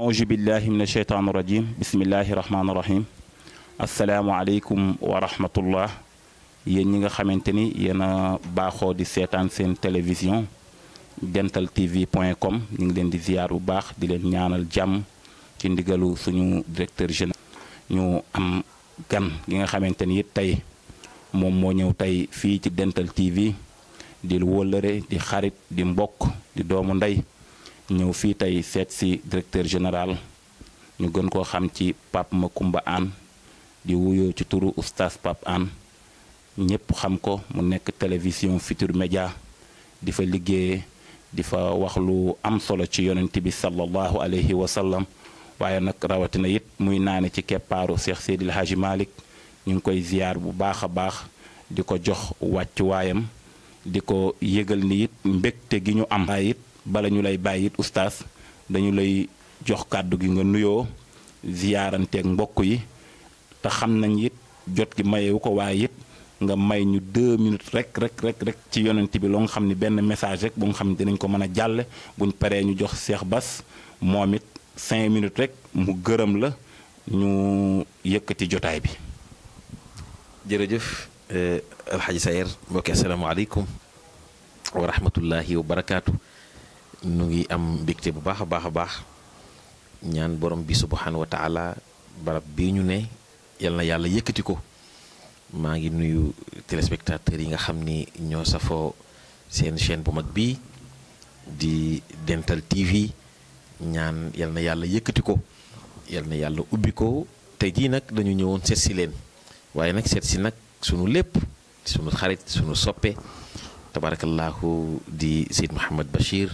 أعوذ بالله من الشيطان الرجيم بسم الله الرحمن الرحيم السلام عليكم ورحمة الله ييغا خامتيني يانا باخو دي سيتان سين تلفزيون دنتال تي في بوين كوم نيغي لين دي زيارو باخ دي لين نيانال جام تي نديغالو سونو ديريكتور جينيرال نيو ام غان ييغا خامتيني تاي موم مو نييو تاي في تي دنتال تي في ديل وولري دي خاريت دي مبوك دي دومو نداي ñëw fii tey seet si directeur général ñu gën koo xam ci Pape Macoumba Anne di wuyoo ci turu oustaz Pape Anne ñëpp xam ko mu nekk télévision Futur Média di fa liggéeye di fa wax lu am solo ci yonent bi sallallahu alayhi wa waaye nag rawatina it muy naane ci keppaaru Cheikh Seydil Hadji Malick ñu ngi koy ziyaar bu baax a baax di ko jox wàccuwaayam di ko yëgal ni it mbégte gi ñu am it bala ñu lay bàyyi it oustaz dañu lay jox kàddu gi nga nuyoo ziyaaranteeg mbokk yi te xam nañ it jot gi mayewu ko waaye it nga may ñu deux minutes rek rek rek rek ci yonent bi loo nga xam ni benn message rek bu nga xam ne dinañ ko mën a jàll buñ paree ñu jox seex bas moom it cinq minutes rek mu gërëm la ñu yëkkati jotaay bi. jërëjëf eh, Alxaji Sayer mbokki asalaamaaleykum wa rahmatullahi wa barakaatu. nu ngi am bikte bu baax a baax ñaan borom bi subhanahu wa taala barab bi ñu ne yal na yàlla ko maa ngi nuyu téléspectateurs yi nga xam ni ñoo safoo seen chaîne bu mag bi di Dental TV ñaan yal na yàlla yëkkati ko yal na yàlla ubbi ko tey jii nag dañu ñëwoon set si leen waaye nag set si nag sunu lépp sunu xarit sunu soppe tabarakallahu di Seyd Mouhamed Bachir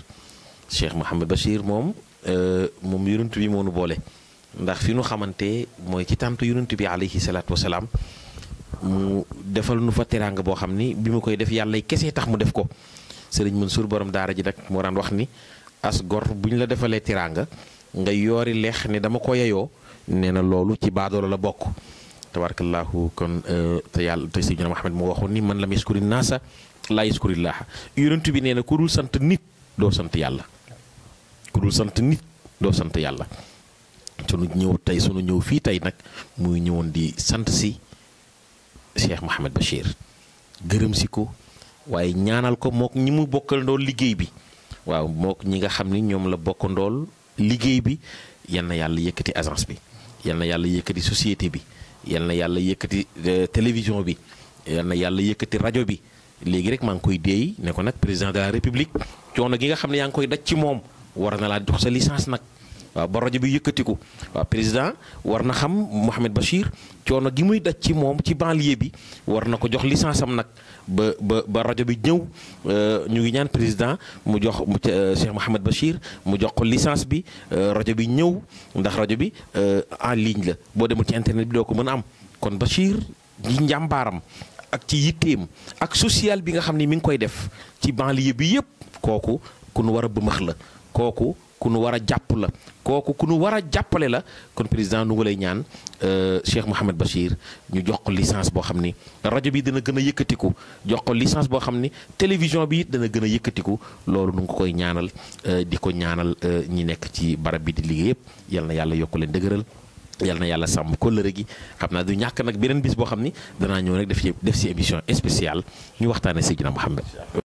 Cheikh Mouhamed Bachir moom moom yonent bi moo nu boole ndax fi nu xamante mooy ci tàmtu yonent bi alayhi salaatu wasalaam mu defal nu fa teraanga boo xam ni bi mu koy def yàlla kese tax mu def ko sëriñ Mansour borom daara ji nag moo daan wax ni as gor bu ñu la defalee teraanga nga yoori leex ni dama ko yeyoo nee na loolu ci baadoolo la bokk tabarakallahu kon te yàlla te Seydina Muhammad moo waxoon ni man lam yaskuri naasa laa yaskuri laaha yonent bi nee na ku dul sant nit doo sant yàlla ku dul sant nit doo sant yàlla sunu ñëw tey sunu ñëw fii tey nag muy ñëwoon di sant si Cheikh Mouhamed Bachir gërëm si ko waaye ñaanal ko mook ñi mu bokkandool liggéey bi waaw mook ñi xam ni ñoom la bokkandool liggéey bi yal na yàlla yëkkati agence bi yal na yàlla yëkkati société bi yal na yàlla yëkkati euh, télévision bi yal na yàlla yëkkati rajo bi léegi rek maa ngi koy déey ne ko nag président de la république coono gi nga xam ne yaa ngi koy daj ci moom Warna la laa jox sa licence nak waaw ah, ba rajo bi yëkkatiku waaw ah, président war na xam Mouhamed bashir ciono gi muy dacc ci mom ci banlieue ya bi Warna ko jox licence am nak ba ba ba rajo bi ñew ñu eh, ngi ñaan président mu jox Cheikh eh, Mouhamed bashir mu jox ko licence bi eh, rajo bi ñew ndax rajo bi en ligne la bo demul ci internet bi do ko mëna am kon bashir di njambaram ak ci yittem ak social bi nga xamni mi ngi koy def ci banlieue ya bi yépp koku ku nu wara bëmax la. kooku ku nu war a jàpp la kooku ku nu war a jàppale la kon président nu nga lay ñaan euh, Cheikh Mouhamed Bachir ñu jox ko licence boo xam ni rajo bi dana gën a yëkkatiku jox ko licence boo xam ni télévision bi dana gën a yëkkatiku loolu nu nga koy ñaanal euh, di ko ñaanal euh, ñi nekk ci barab bi di liggéey yëpp yal na yàlla yokk leen dëgëral. yàlla na yàlla sàmm kóllëre gi xam naa du ñàkk nag beneen bis boo xam ni danaa ñëw nag def ci def ci émission spéciale ñu waxtaanee Seydina Mouhamed.